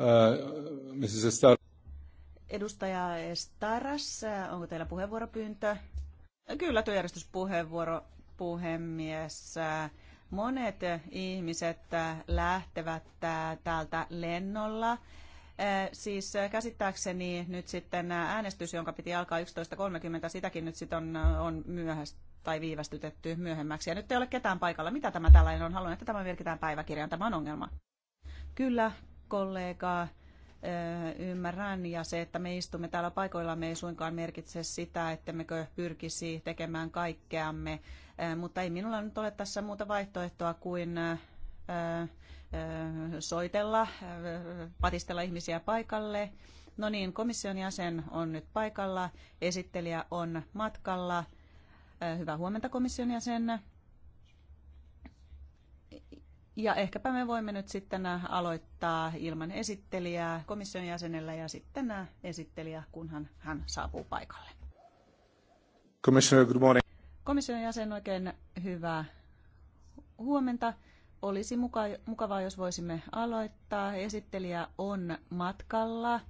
Äh, Mrs. Edustaja Estaras, onko teillä puheenvuoropyyntö? Kyllä, työjärjestyspuheenvuoro, puhemies. Monet ihmiset lähtevät täältä lennolla. Äh, siis käsittääkseni nyt sitten äänestys, jonka piti alkaa 11.30, sitäkin nyt sitten on, on myöhäistä tai viivästytetty myöhemmäksi. Ja nyt ei ole ketään paikalla. Mitä tämä tällainen on? Haluan, että tämä merkitään päiväkirjaan. Tämä on ongelma. Kyllä, kollegaa ymmärrän ja se, että me istumme täällä me ei suinkaan merkitse sitä, että mekö pyrkisi tekemään kaikkeamme, mutta ei minulla nyt ole tässä muuta vaihtoehtoa kuin soitella, patistella ihmisiä paikalle. No niin, komission jäsen on nyt paikalla, esittelijä on matkalla. Hyvää huomenta komission jäsen. Ja ehkäpä me voimme nyt sitten äh, aloittaa ilman esittelijää komission jäsenellä ja sitten äh, esittelijä, kunhan hän saapuu paikalle. Commissioner, good morning. Komission jäsen, oikein hyvää huomenta. Olisi mukavaa, jos voisimme aloittaa. Esittelijä on matkalla.